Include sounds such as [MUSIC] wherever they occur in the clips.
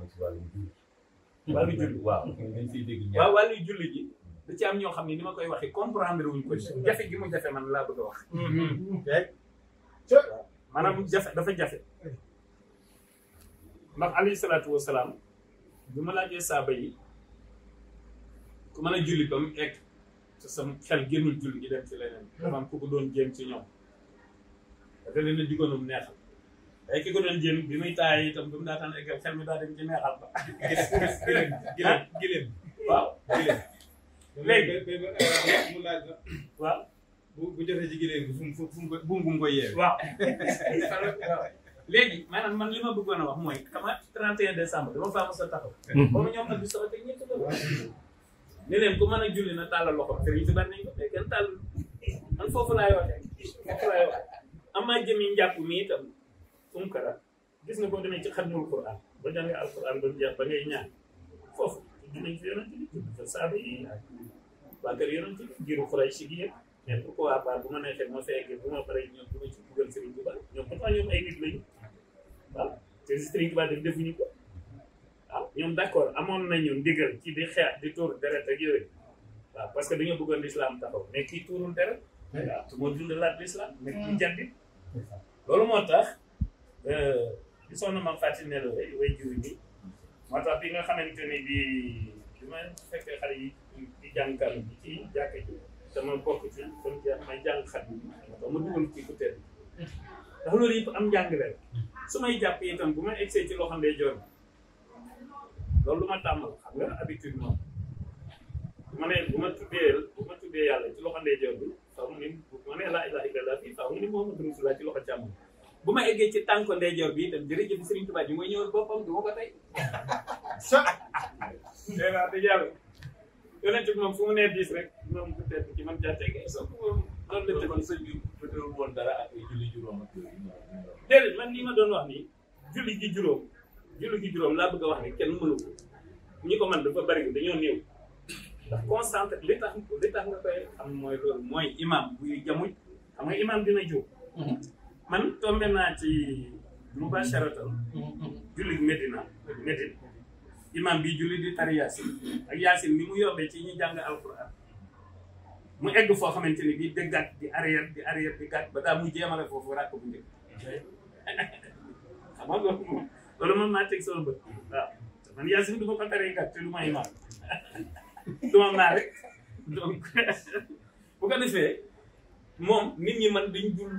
waxoon ci wàllu julli. wàllu julli waaw [LAUGHS] dañ siy dégg ñaar waaw wàllu julli ji hmm. da ci am ñoo xam ne ni ma koy waxee comprendre wuñ ko hmm. jafe gi mu jafe man laa bëgg a wax. Hmm. maanaam jafe dafa jafe. ndax alayhi salaatu wa salaam bi ma laajee saaba yi ku mën a julli ba mu egg te sa xel génnul julli gi dem ci leneen. dafa am ku ko doon jéem ci ñoom. dafa leen a digoonum neexal. ay ki ko doon jël bi muy taay itam bi mu daataan eggal xel mi daa dem ci neexal ba gileem gileem gileem waaw gileem léegi mu laaj la waaw bu bu jotee ci gileem bi fu mu fu mu bu mu koy yeewe waaw léegi maanaam man li ma bëggoon a wax mooy xama 31 décembre dama faa mos taxaw comme mhm. ñoom nag bi la ne leen ku mën a julli na tàllal loxo nañ ko mais kenn man foofu laay waxee foofu laay waxee jëmi njàpp mi itam unkara gis nga boo demee ci xatmul quran ba jàngee alquran ba mu jeex ba ngay ñaan foofu tudd nañ fi yonent bi tudd fa saaba yi waa kër yonent bi giru xuray si ma neexee ma ñoom bu ma ci dugal Serigne Touba ko waaw ñoom d'accord amoon nañu ndigal ci di xeex di tuur deret ak yooyu waaw parce que dañoo bëggoon l'islam taxaw mais kii tuurul deret waaw moo dund laat l'islam mais kii hmm. jàddit loolu moo tax li soxna mam fàtti ne la way jiw bi moo tax bi nga xamante ni bi bi ma fekkee xale yi di jàngal bi ci jàkk ji sama bokk ci kon ci may jàng xat bi ma dugal ci ku teel ndax loolu yëpp am njàng la su may jàpp itam bu ma egsee ci loxo ndey joor loolu lu ma tàmmal xam nga habitude moom ma ne bu ma tuddee bu ma tuddee yàlla ci loxo ndey joor bi xaw ma ni bu ma ne laa ilaha illallah fii xaw ma ni moom ma dund la ci loxo càmm bu ma eggee ci tànk ndeyjoor bi itam jërëjëf Serigne Touba bi mooy ñëwal boppam du ma ko tey. dégg naa dëgg yàlla yonent bi moom fu mu nee diis rek moom peut être ci man jàttee nga soo ko man nii ma doon wax nii julli gi juróom julli gi juróom laa bëgg wax ne kenn mënu ko ñi ko man dafa bari dañoo néew ndax concentré li tax li tax nga koy xam mooy loolu mooy imam buy jamuj xam nga imam dina jóg mhm. man tombé na ci Touba Sheraton julli Medina Medina imam bi julli di tar Yasin ak Yasin ni mu yombee ci ñi jang alquran mu egg fo xamanteni bi deggat di arrière di arrière di gat ba da mu jéemale foofu rak bu njëkk xam nga loolu moom loolu moom maa man Yasin du ma ko taree gat te du ma imaam du ma ma rek donc bu ko defé mom nit ñi man dañ dul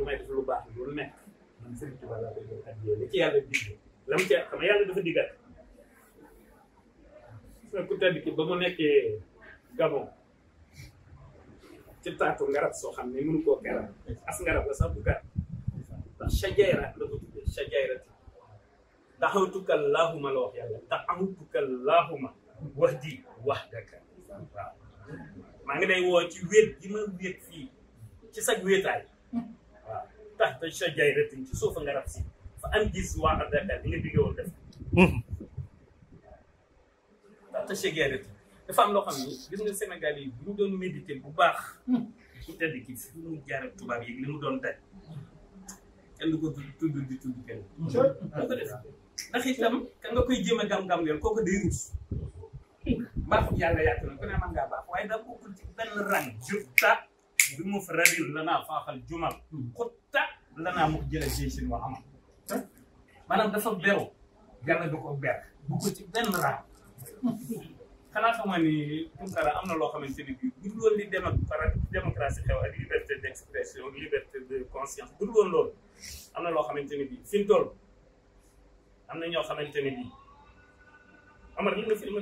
lu may def lu baax lu nekk man ci yàlla digg la mu ci yàlla dafa diggat sa ku tedd ki ba mu nekkee Gabon ci taatu ngarab soo xam ne mënu koo keral as ngarab la sax bu gar ndax shajayra la ti taxawtukal la wax yàlla taxawtukal wax di wax daka maa ngi day woo ci wéet gi ma wéet fii ci sag wéetaay taxta shajaratin ci suufa nga rab si fa am gis waa adaka bi nga diggee woon def hmm. taxta shajaratin dafa am loo xam ni gis nga Sénégal yi bu ñu doon méditer bu baax ku hmm. tedd ki doon daj ko tudd hmm. nga koy jéem a gam-gam yoon kooku day ne man ngaa baax waaye daa bokkul ci benn rang jur lana بمفرد jumal khutta lana mu jele jeysin wa am manam dafa beru yalla du ko ber bu ko ci ben ra kala xama ni tunkara amna lo xamanteni bi bu lol li dem ak démocratie xew ak liberté d'expression liberté de conscience bu lol lol amna lo xamanteni bi fi tol amna ño xamanteni bi amar ñu fi ma